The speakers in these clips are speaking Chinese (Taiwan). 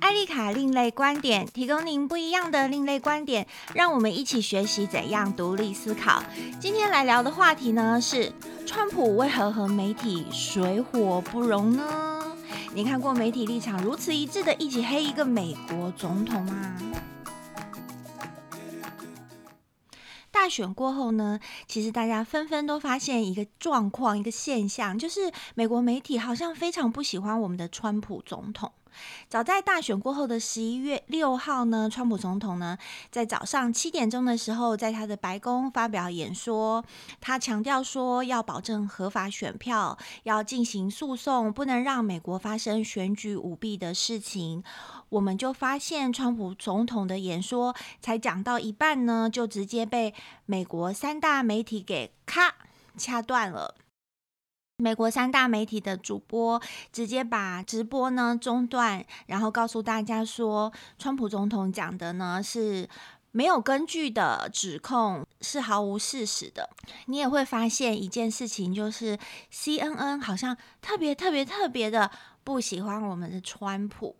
艾麗卡，另類觀點，提供您不一樣的另類觀點，讓我們一起學習怎樣獨立思考。今天來聊的話題呢是：川普為何和媒體水火不容呢？你看過媒體立場如此一致的一起黑一個美國總統嗎？大選過後呢，其實大家紛紛都發現一個狀況，一個現象，就是美國媒體好像非常不喜歡我們的川普總統。早在大選過後的十一月六號呢，川普總統呢在早上七點鐘的時候，在他的白宮發表演說，他強調說要保證合法選票，要進行訴訟，不能讓美國發生選舉舞弊的事情。我們就發現，川普總統的演說才講到一半呢，就直接被美國三大媒體給咔掐斷了。美國三大媒體的主播直接把直播呢中斷，然後告訴大家說，川普總統講的呢是沒有根據的指控，是毫無事實的。你也會發現一件事情，就是 CNN 好像特別特別特別的不喜歡我們的川普。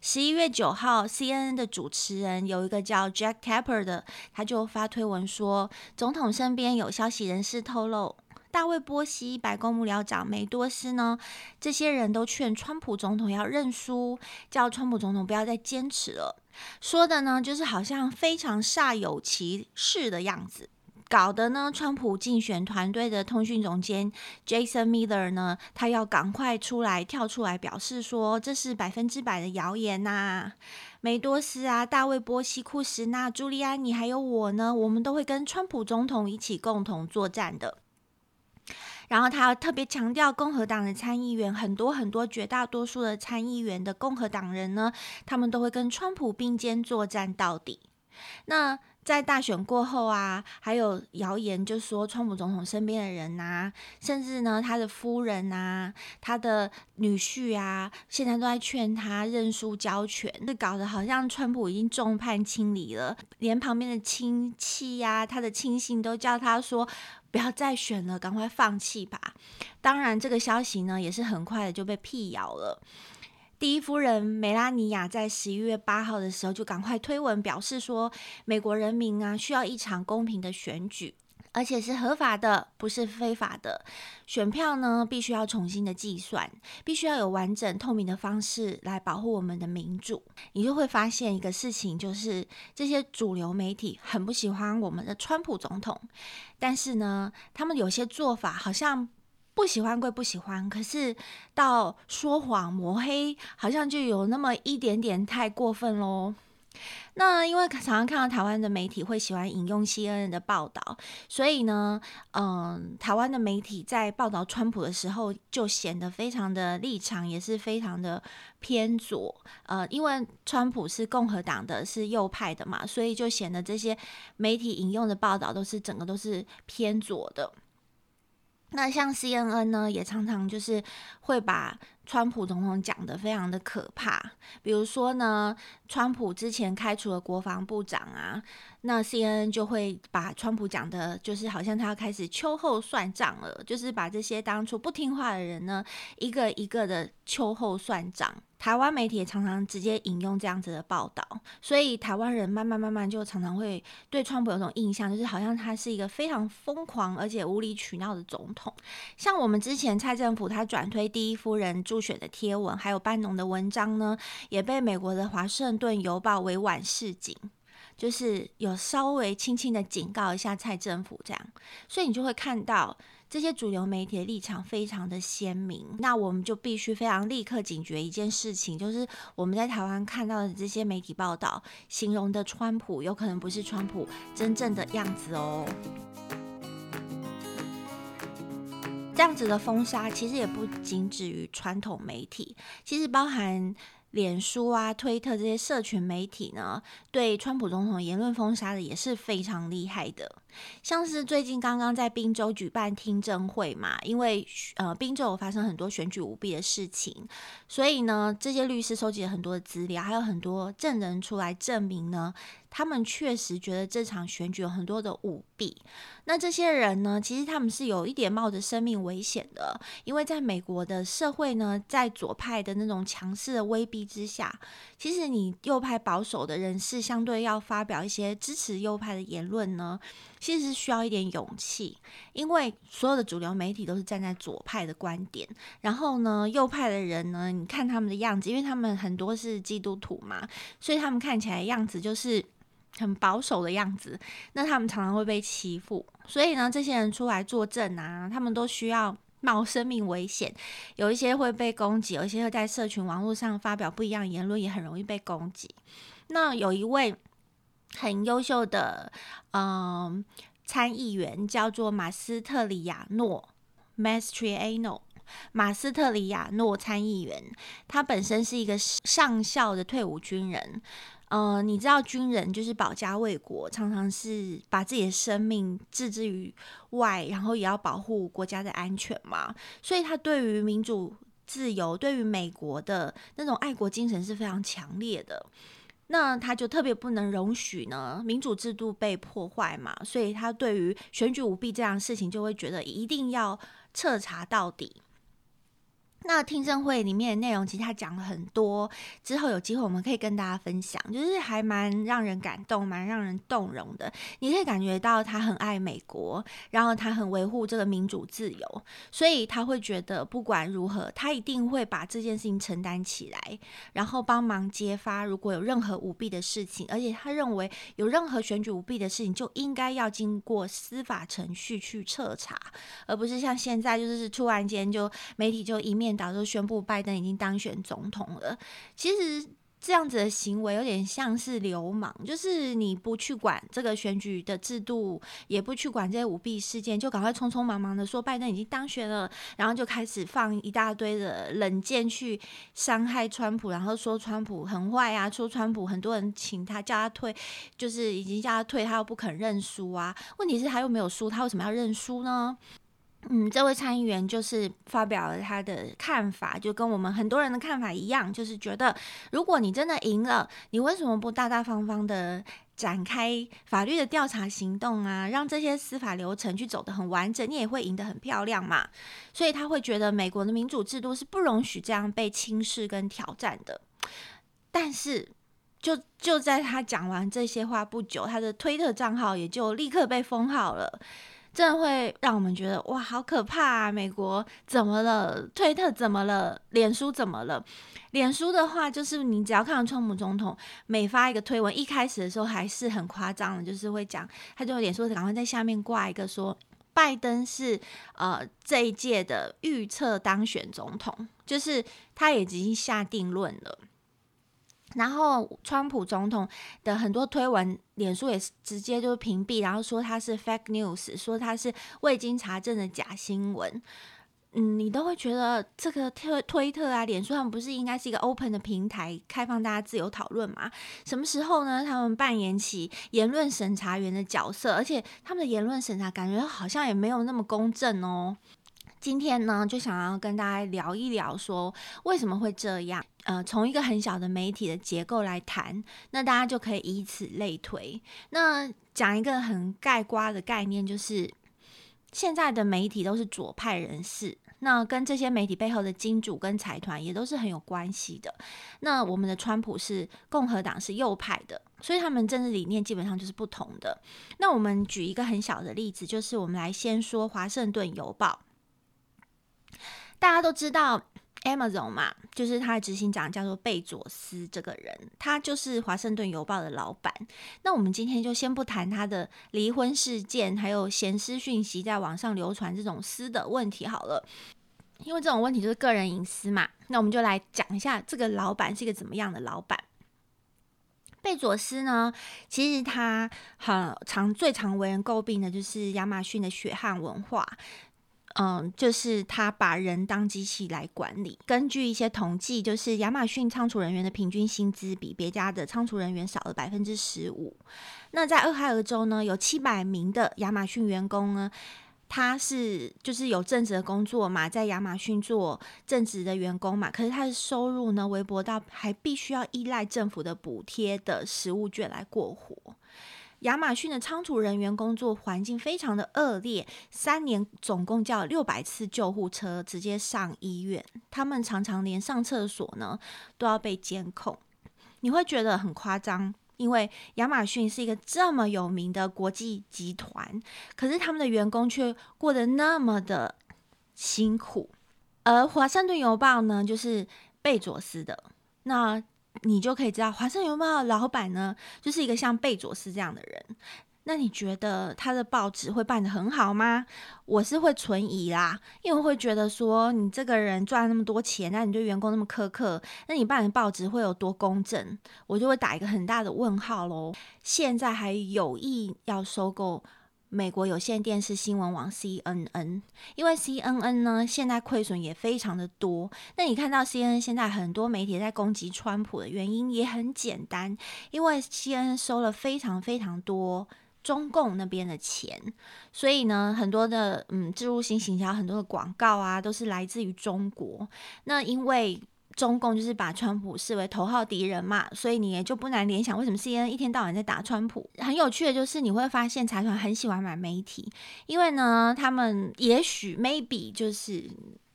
十一月九號，CNN 的主持人有一個叫 Jake Tapper 的，他就發推文說，總統身邊有消息人士透露。大衛·波西、白宮幕僚長梅多斯呢，這些人都勸川普總統要認輸，叫川普總統不要再堅持了。說的呢，就是好像非常煞有其事的樣子，搞得呢，川普競選團隊的通訊總監 Jason Miller 呢，他要趕快出來跳出來表示說，這是百分之百的謠言吶、啊！梅多斯啊，大衛·波西、庫什納、朱利安尼還有我呢，我們都會跟川普總統一起共同作戰的。然後他特別強調，共和黨的參議員很多很多，絕大多數的參議員的共和黨人呢，他們都會跟川普並肩作戰到底。那在大選過後啊，還有謠言就說川普總統身邊的人吶、啊，甚至呢他的夫人吶、啊，他的女婿啊，現在都在勸他認輸交權，那搞得好像川普已經眾叛親離了，連旁邊的親戚呀、啊，他的親信都叫他說。不要再選了，趕快放棄吧！當然，這個消息呢也是很快的就被闢謠了。第一夫人梅拉尼亞在十一月八號的時候就趕快推文表示說：“美國人民啊，需要一場公平的選舉。”而且是合法的，不是非法的。選票呢，必須要重新的計算，必須要有完整透明的方式來保護我們的民主。你就會發現一個事情，就是這些主流媒體很不喜歡我們的川普總統，但是呢，他們有些做法好像不喜歡歸不喜歡，可是到說謊抹黑，好像就有那麼一點點太過分嘍。那因為常常看到台灣的媒體會喜歡引用 CNN 的報道，所以呢，嗯、呃，台灣的媒體在報道川普的時候，就顯得非常的立場也是非常的偏左。呃，因為川普是共和黨的，是右派的嘛，所以就顯得這些媒體引用的報道都是整個都是偏左的。那像 CNN 呢，也常常就是會把川普總統講的非常的可怕。比如說呢，川普之前開除了國防部長啊，那 CNN 就會把川普講的，就是好像他要開始秋後算賬了，就是把這些當初不聽話的人呢，一個一個的秋後算賬。台灣媒體也常常直接引用這樣子的報道所以台灣人慢慢慢慢就常常會對川普有種印象，就是好像他是一個非常瘋狂而且無理取鬧的總統。像我們之前蔡政府他轉推第一夫人助選的貼文，還有班農的文章呢，也被美國的《華盛頓郵報》委婉示警，就是有稍微輕輕的警告一下蔡政府這樣。所以你就會看到。這些主流媒體的立場非常的鮮明，那我們就必須非常立刻警覺一件事情，就是我們在台灣看到的這些媒體報道形容的川普，有可能不是川普真正的樣子哦。這樣子的封殺其實也不僅止於傳統媒體，其實包含。臉書啊、推特這些社群媒體呢，對川普總統言論封殺的也是非常厲害的。像是最近剛剛在賓州舉辦聽證會嘛，因為呃賓州有發生很多選舉舞弊的事情，所以呢這些律師收集了很多的資料，還有很多證人出來證明呢。他們確實覺得這場選舉有很多的舞弊。那這些人呢，其實他們是有一點冒着生命危險的，因為在美國的社會呢，在左派的那種強勢的威逼之下，其實你右派保守的人士相對要發表一些支持右派的言論呢，其實是需要一點勇氣，因為所有的主流媒體都是站在左派的觀點。然後呢，右派的人呢，你看他們的樣子，因為他們很多是基督徒嘛，所以他們看起來的樣子就是很保守的樣子，那他們常常會被欺負，所以呢，這些人出來作證啊，他們都需要冒生命危險，有一些會被攻擊，有一些會在社群網絡上發表不一樣的言論，也很容易被攻擊。那有一位很優秀的嗯參議員，叫做馬斯特里亞諾 （Mastriano），馬斯特里亞諾參議員，他本身是一個上校的退伍軍人。呃，你知道軍人就是保家衛國，常常是把自己的生命置之於外，然後也要保護國家的安全嘛。所以他對於民主自由、對於美國的那種愛國精神是非常強烈的。那他就特別不能容許呢，民主制度被破壞嘛。所以他對於選舉舞弊這樣的事情，就會覺得一定要徹查到底。那聽證會裡面的內容，其實他講了很多。之後有機會我們可以跟大家分享，就是還蠻讓人感動、蠻讓人動容的。你可以感覺到他很愛美國，然後他很維護這個民主自由，所以他會覺得不管如何，他一定會把這件事情承擔起來，然後幫忙揭發如果有任何舞弊的事情，而且他認為有任何選舉舞弊的事情，就應該要經過司法程序去徹查，而不是像現在就是突然間就媒體就一面。早就宣布拜登已經當選總統了。其實這樣子的行為有點像是流氓，就是你不去管這個選舉的制度，也不去管這些舞弊事件，就趕快匆匆忙忙的說拜登已經當選了，然後就開始放一大堆的冷箭去傷害川普，然後說川普很壞啊，說川普很多人請他叫他退，就是已經叫他退，他又不肯認輸啊。問題是他又沒有輸，他為什麼要認輸呢？嗯，這位參議員就是發表了他的看法，就跟我們很多人的看法一樣，就是覺得如果你真的贏了，你為什麼不大大方方的展開法律的調查行動啊，讓這些司法流程去走得很完整，你也會贏得很漂亮嘛。所以他會覺得美國的民主制度是不容許這樣被輕視跟挑戰的。但是，就就在他講完這些話不久，他的推特賬號也就立刻被封號了。真的會讓我們覺得哇，好可怕啊！美國怎麼了？推特怎麼了？臉書怎麼了？臉書的話，就是你只要看到川普總統每發一個推文，一開始的時候還是很誇張的，就是會講，他就有臉書趕快在下面掛一個說，拜登是呃這一屆的預測當選總統，就是他也已經下定論了。然後，川普總統的很多推文，臉書也是直接就是屏蔽，然後說他是 fake news，說他是未經查證的假新聞。嗯，你都會覺得這個推推特啊，臉書上不是應該是一個 open 的平台，開放大家自由討論嗎？什麼時候呢？他們扮演起言論審查員的角色，而且他們的言論審查感覺好像也沒有那麼公正哦。今天呢，就想要跟大家聊一聊，說為什麼會這樣？呃，從一個很小的媒體的結構來談，那大家就可以以此類推。那講一個很概括的概念，就是現在的媒體都是左派人士，那跟這些媒體背後的金主跟財團也都是很有關係的。那我們的川普是共和黨，是右派的，所以他們政治理念基本上就是不同的。那我們舉一個很小的例子，就是我們來先說《華盛頓郵報》。大家都知道 Amazon 嘛，就是他的執行長叫做貝佐斯這個人，他就是《華盛頓郵報》的老板。那我們今天就先不談他的離婚事件，還有閒私訊息在網上流傳這種私德問題好了，因為這種問題就是個人隱私嘛。那我們就來講一下這個老板是一個怎麼樣的老板。貝佐斯呢，其實他很常最常為人詬病的就是亞馬遜的血汗文化。嗯，就是他把人當機器來管理。根據一些統計，就是亞馬遜倉儲人員的平均薪資比別家的倉儲人員少了百分之十五。那在俄亥俄州呢，有七百名的亞馬遜員工呢，他是就是有正職的工作嘛，在亞馬遜做正職的員工嘛，可是他的收入呢微薄到還必須要依賴政府的補貼的食物券來過活。亞馬遜的倉儲人員工作環境非常的惡劣，三年總共叫六百次救護車直接上醫院。他們常常連上廁所呢都要被監控。你會覺得很誇張，因為亞馬遜是一個這麼有名的國際集團，可是他們的員工卻過得那麼的辛苦。而《華盛頓郵報》呢，就是貝佐斯的那。你就可以知道，《華盛頓郵報》的老板呢，就是一個像貝佐斯這樣的人。那你覺得他的報紙會辦得很好嗎？我是會存疑啦，因為我會覺得說，你這個人賺那麼多錢，那你對員工那麼苛刻，那你辦的報紙會有多公正？我就會打一個很大的問號嘍。現在還有意要收購美國有線電視新聞網 C N N，因為 C N N 呢現在虧損也非常的多。那你看到 C N N 現在很多媒體在攻擊川普的原因也很簡單，因為 C N N 收了非常非常多中共那邊的錢，所以呢很多的嗯置入性行、行銷很多的廣告啊都是來自於中國。那因為中共就是把川普視為頭號敵人嘛，所以你也就不難聯想，為什麼 CNN 一天到晚在打川普。很有趣的就是，你會發現財團很喜歡買媒體，因為呢，他們也許 maybe 就是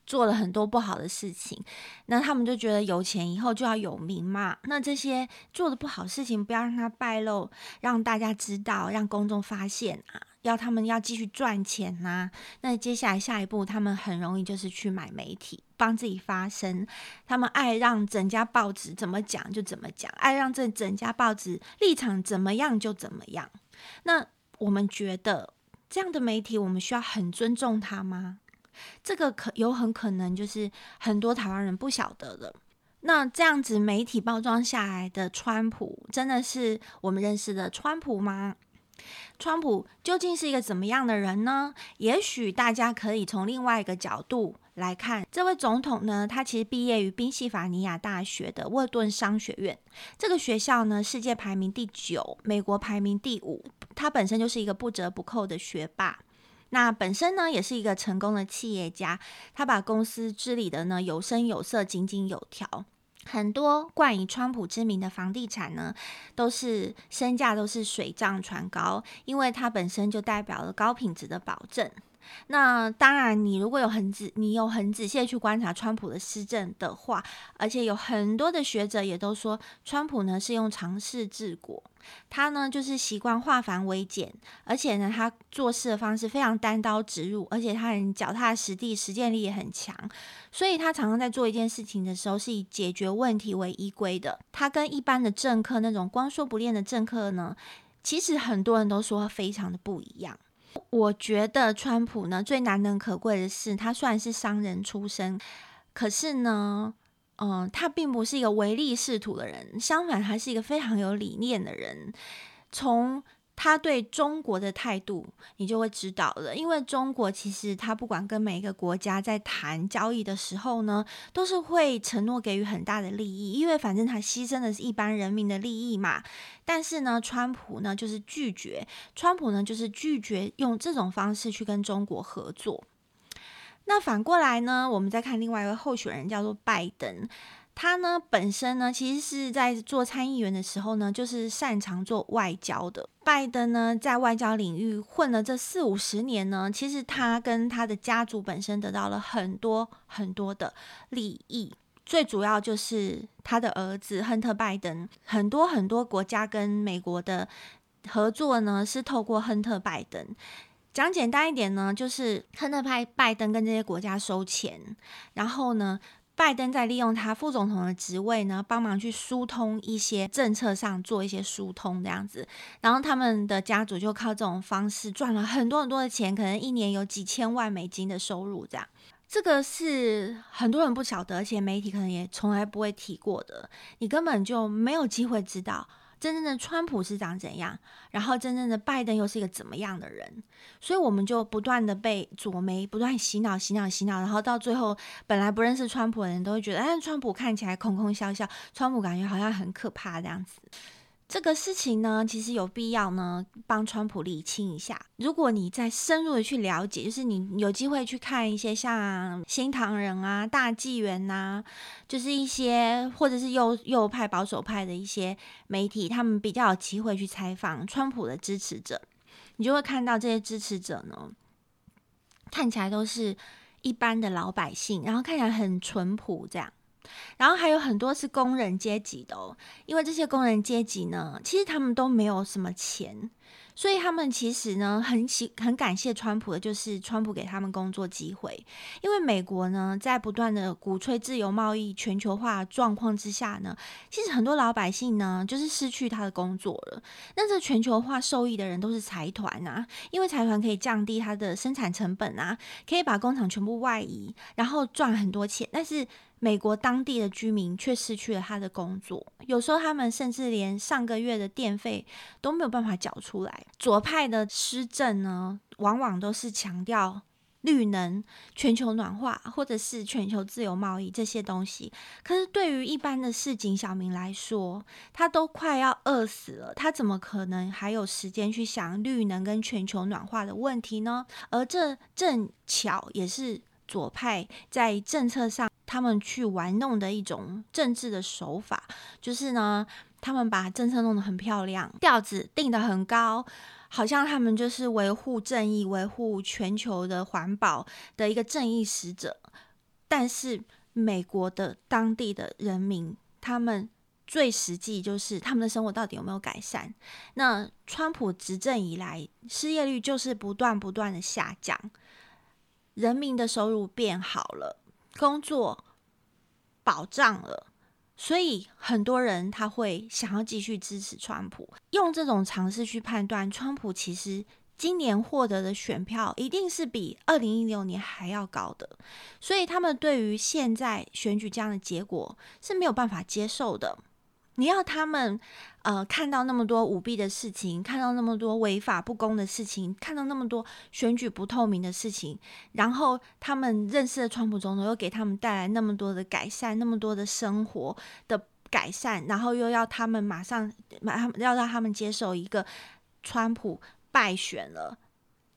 做了很多不好的事情，那他們就覺得有錢以後就要有名嘛，那這些做的不好事情不要讓它敗露，讓大家知道，讓公眾發現啊。要他們要繼續賺錢吶，那接下來下一步，他們很容易就是去買媒體，幫自己發聲。他們愛讓整家報紙怎麼講就怎麼講，愛讓這整家報紙立場怎麼樣就怎麼樣。那我們覺得這樣的媒體，我們需要很尊重他嗎？這個可有很可能就是很多台灣人不曉得了。那這樣子媒體包裝下來的川普，真的是我們認識的川普嗎？川普究竟是一個怎麼樣的人呢？也許大家可以從另外一個角度來看，這位總統呢，他其實畢業於賓夕法尼亞大學的沃頓商學院，這個學校呢，世界排名第九，美國排名第五。他本身就是一個不折不扣的學霸，那本身呢，也是一個成功的企業家，他把公司治理的呢有聲有色、井井有條。很多冠以川普之名的房地產呢，都是身價都是水漲船高，因為它本身就代表了高品質的保證。那當然，你如果有很仔，你有很仔細的去觀察川普的施政的話，而且有很多的學者也都說，川普呢是用常識治國，他呢就是習慣化繁為簡，而且呢他做事的方式非常單刀直入，而且他很腳踏實地，實踐力也很強，所以他常常在做一件事情的時候是以解決問題為依歸的。他跟一般的政客那種光說不練的政客呢，其實很多人都說非常的不一樣。我覺得川普呢最難能可貴的是，他雖然是商人出身，可是呢，嗯，他並不是一個唯利是圖的人，相反，他是一個非常有理念的人，從他對中國的態度，你就會知道了。因為中國其實他不管跟每一個國家在談交易的時候呢，都是會承諾給予很大的利益，因為反正他犧牲的是一般人民的利益嘛。但是呢，川普呢就是拒絕，川普呢就是拒絕用這種方式去跟中國合作。那反過來呢，我們再看另外一位候選人，叫做拜登。他呢本身呢，其實是在做參議員的時候呢，就是擅長做外交的。拜登呢，在外交領域混了這四五十年呢，其實他跟他的家族本身得到了很多很多的利益。最主要就是他的兒子亨特·拜登，很多很多國家跟美國的合作呢，是透過亨特·拜登。講簡單一點呢，就是亨特拜拜登跟這些國家收錢，然後呢。拜登在利用他副總統的職位呢，幫忙去疏通一些政策上，做一些疏通這樣子，然後他們的家族就靠這種方式賺了很多很多的錢，可能一年有幾千萬美金的收入這樣。這個是很多人不曉得，而且媒體可能也從來不會提過的，你根本就沒有機會知道。真正的川普是長怎樣，然後真正的拜登又是一個怎麼樣的人？所以我們就不斷的被左媒不斷洗腦、洗腦、洗腦，然後到最後，本來不認識川普的人都會覺得，哎，川普看起來空空笑笑，川普感覺好像很可怕這樣子。這個事情呢，其實有必要呢幫川普理清一下。如果你再深入的去了解，就是你有機會去看一，一些像《新唐人》啊、《大紀元》啊，就是一些或者是右右派保守派的一些媒體，他們比較有機會去採訪川普的支持者，你就會看到這些支持者呢，看起來都是一般的老百姓，然後看起來很淳樸這樣。然後還有很多是工人階級的哦，因為這些工人階級呢，其實他們都沒有什麼錢，所以他們其實呢很喜很感謝川普的，就是川普給他們工作機會。因為美國呢，在不斷的鼓吹自由貿易、全球化狀況之下呢，其實很多老百姓呢就是失去他的工作了。那這全球化受益的人都是財團啊，因為財團可以降低它的生產成本啊，可以把工廠全部外移，然後賺很多錢，但是美國當地的居民卻失去了他的工作，有時候他們甚至連上個月的電費都沒有辦法繳出來。左派的施政呢，往往都是強調綠能、全球暖化，或者是全球自由貿易這些東西。可是對於一般的市井小民來說，他都快要餓死了，他怎麼可能還有時間去想綠能跟全球暖化的問題呢？而這正巧也是左派在政策上。他們去玩弄的一種政治的手法，就是呢，他們把政策弄得很漂亮，調子定得很高，好像他們就是維護正義、維護全球的環保的一個正義使者。但是美國的當地的人民，他們最實際就是他們的生活到底有沒有改善？那川普執政以來，失業率就是不斷不斷的下降，人民的收入變好了。工作保障了，所以很多人他會想要繼續支持川普。用這種嘗試去判斷，川普其實今年獲得的選票一定是比二零一六年還要高的，所以他們對於現在選舉這樣的結果是沒有辦法接受的。你要他們。呃，看到那麼多舞弊的事情，看到那麼多違法不公的事情，看到那麼多選舉不透明的事情，然後他們認識的川普總統又給他們帶來那麼多的改善，那麼多的生活的改善，然後又要他們馬上，馬上要讓他們接受一個川普敗選了，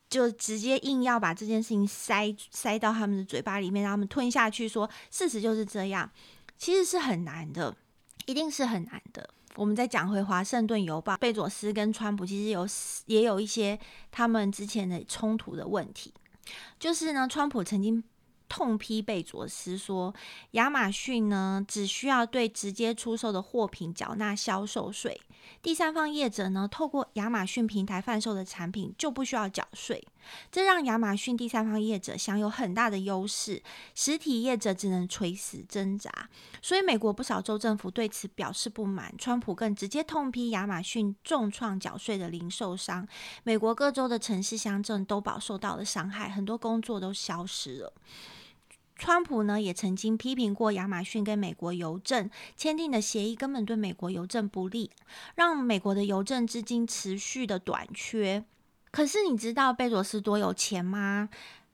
就直接硬要把這件事情塞塞到他們的嘴巴裡面，讓他們吞下去說，說事實就是這樣，其實是很難的，一定是很難的。我們再講回《華盛頓郵報》，貝佐斯跟川普其實有也有一些他們之前的衝突的問題，就是呢，川普曾經痛批貝佐斯說，亞馬遜呢只需要對直接出售的貨品繳納銷售稅，第三方業者呢透過亞馬遜平台販售的產品就不需要繳稅。這讓亞馬遜第三方業者享有很大的優勢，實體業者只能垂死掙扎。所以，美國不少州政府對此表示不滿，川普更直接痛批亞馬遜重創繳稅的零售商。美國各州的城市、鄉鎮都飽受到了傷害，很多工作都消失了。川普呢，也曾經批評過亞馬遜跟美國郵政簽訂的協議根本對美國郵政不利，讓美國的郵政資金持續的短缺。可是你知道貝佐斯多有錢嗎？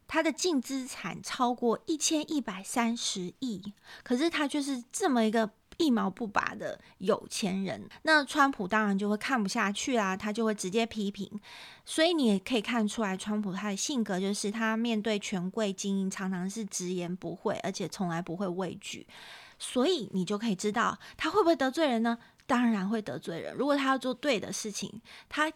他的淨資產超過一千一百三十億，可是他就是這麼一個一毛不拔的有錢人。那川普當然就會看不下去啦、啊，他就會直接批評。所以你也可以看出來，川普他的性格就是他面對權貴精英常常是直言不諱，而且從來不會畏懼。所以你就可以知道他會不會得罪人呢？當然會得罪人。如果他要做對的事情，他。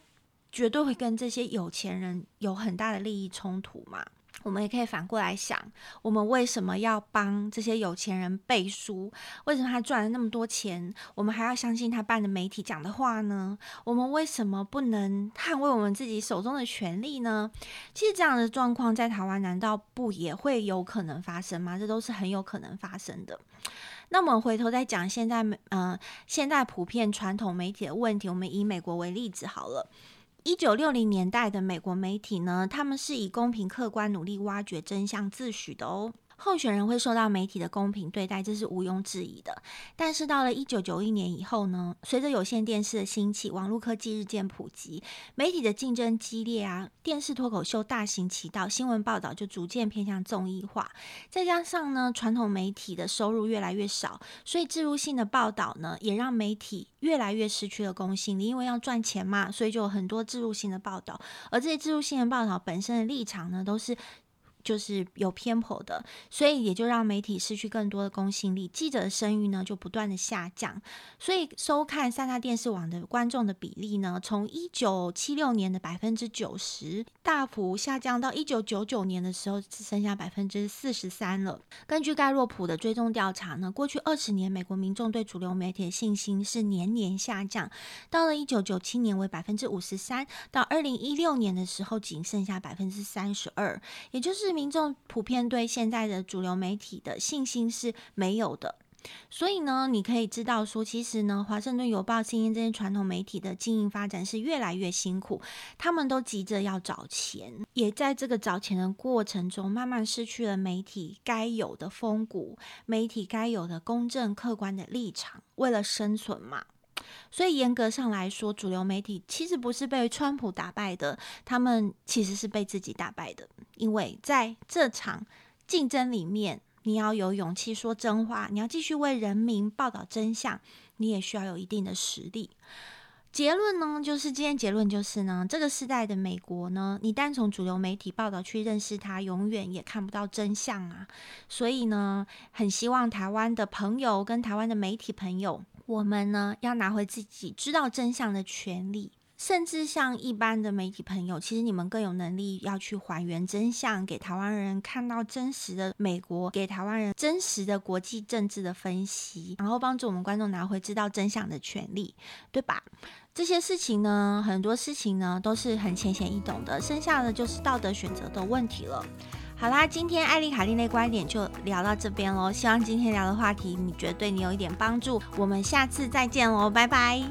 絕對會跟這些有錢人有很大的利益衝突嘛。我們也可以反過來想，我們為什麼要幫這些有錢人背書？為什麼他賺了那麼多錢，我們還要相信他辦的媒體講的話呢？我們為什麼不能捍衛我們自己手中的權利呢？其實這樣的狀況在台灣，難道不也會有可能發生嗎？這都是很有可能發生的。那我們回頭再講現在，嗯，現在普遍傳統媒體的問題，我們以美國為例子好了。一九六零年代的美國媒體呢，他們是以公平、客觀、努力挖掘真相自詡的哦。候選人會受到媒體的公平對待，這是毋庸置疑的。但是到了一九九一年以後呢，隨着有線電視的興起，網絡科技日漸普及，媒體的競爭激烈啊，電視脫口秀大行其道，新聞報道就逐漸偏向綜藝化。再加上呢，傳統媒體的收入越來越少，所以置入性的報道呢，也讓媒體越來越失去了公信力。因為要賺錢嘛，所以就有很多置入性的報道。而這些置入性的報道本身的立場呢，都是。就是有偏頗的，所以也就讓媒體失去更多的公信力，記者的聲譽呢就不斷的下降。所以收看三大電視網的觀眾的比例呢，從一九七六年的百分之九十大幅下降到一九九九年的時候，只剩下百分之四十三了。根據蓋洛普的追蹤調查呢，過去二十年美國民眾對主流媒體的信心是年年下降，到了一九九七年為百分之五十三，到二零一六年的時候僅剩下百分之三十二，也就是。民眾普遍對現在的主流媒體的信心是沒有的，所以呢，你可以知道說，其實呢，《華盛頓郵報》、《新聞》這些傳統媒體的經營發展是越來越辛苦，他們都急着要找錢，也在這個找錢的過程中，慢慢失去了媒體該有的風骨，媒體該有的公正、客觀的立場，為了生存嘛。所以嚴格上來說，主流媒體其實不是被川普打敗的，他們其實是被自己打敗的。因為在這場競爭裡面，你要有勇氣說真話，你要繼續為人民報道真相，你也需要有一定的實力。結論呢，就是今天結論就是呢，這個時代的美國呢，你單從主流媒體報道去認識它，永遠也看不到真相啊。所以呢，很希望台灣的朋友跟台灣的媒體朋友。我們呢，要拿回自己知道真相的權利，甚至像一般的媒體朋友，其實你們更有能力要去還原真相，給台灣人看到真實的美國，給台灣人真實的國際政治的分析，然後幫助我們觀眾拿回知道真相的權利，對吧？這些事情呢，很多事情呢都是很淺顯易懂的，剩下的就是道德選擇的問題了。好啦，今天艾麗卡麗那觀點就聊到這邊嘍。希望今天聊的話題你覺得對你有一點幫助。我們下次再見嘍，拜拜。